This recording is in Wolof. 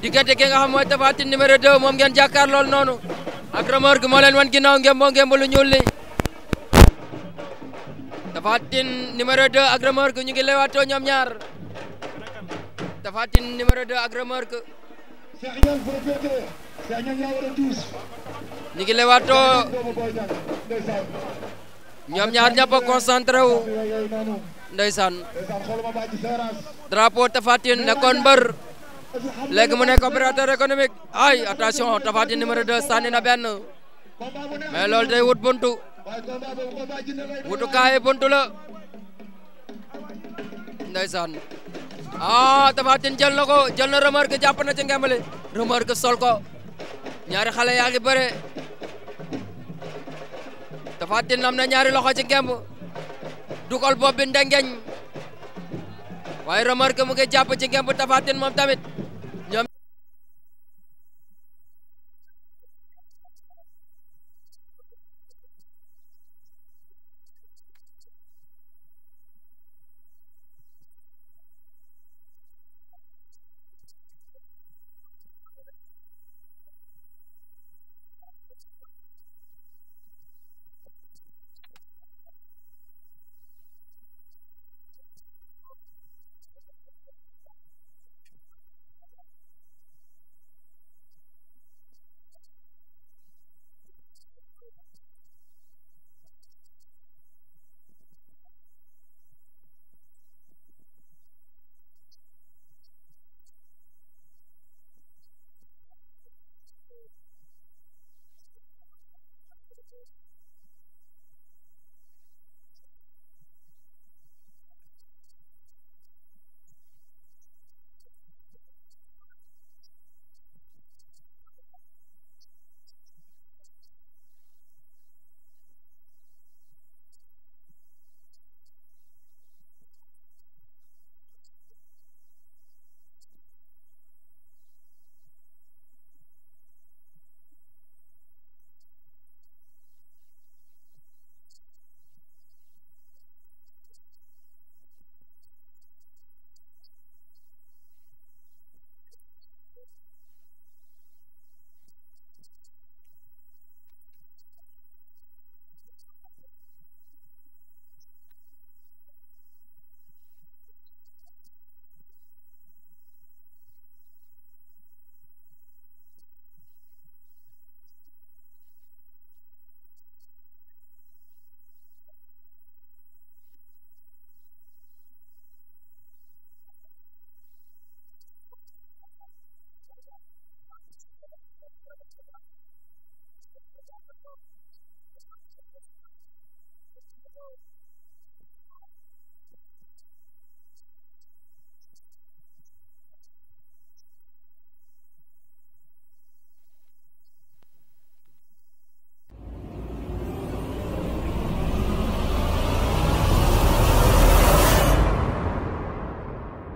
diggante ki nga xam mooy Tapha numéro 2 moom ngeen jàkkaar lool noonu ak remorque moo leen wan ginnaaw ngeen moo ngeen lu ñuul li numéro 2 ak ñu ngi leewaatoo ñoom ñaar Tapha Tine numéro 2 ak drapeau Tapha Tine nekkoon mbër léegi mu nekk opérateur économique ay attention Tapha Tine numéro 2 sànni na benn mais loolu day wut buntu wutukaay buntu la ndeysaan ah Tapha Tine jël na ko jël na remorque jàpp na ci ngembali remorque sol ko ñaari xale yaa ngi bëre Tapha Tine na ñaari loxo ci ngemb dugal bopp bi ndengeñ waaye remorque mu ngi jàpp ci ngemb Tapha Tine tamit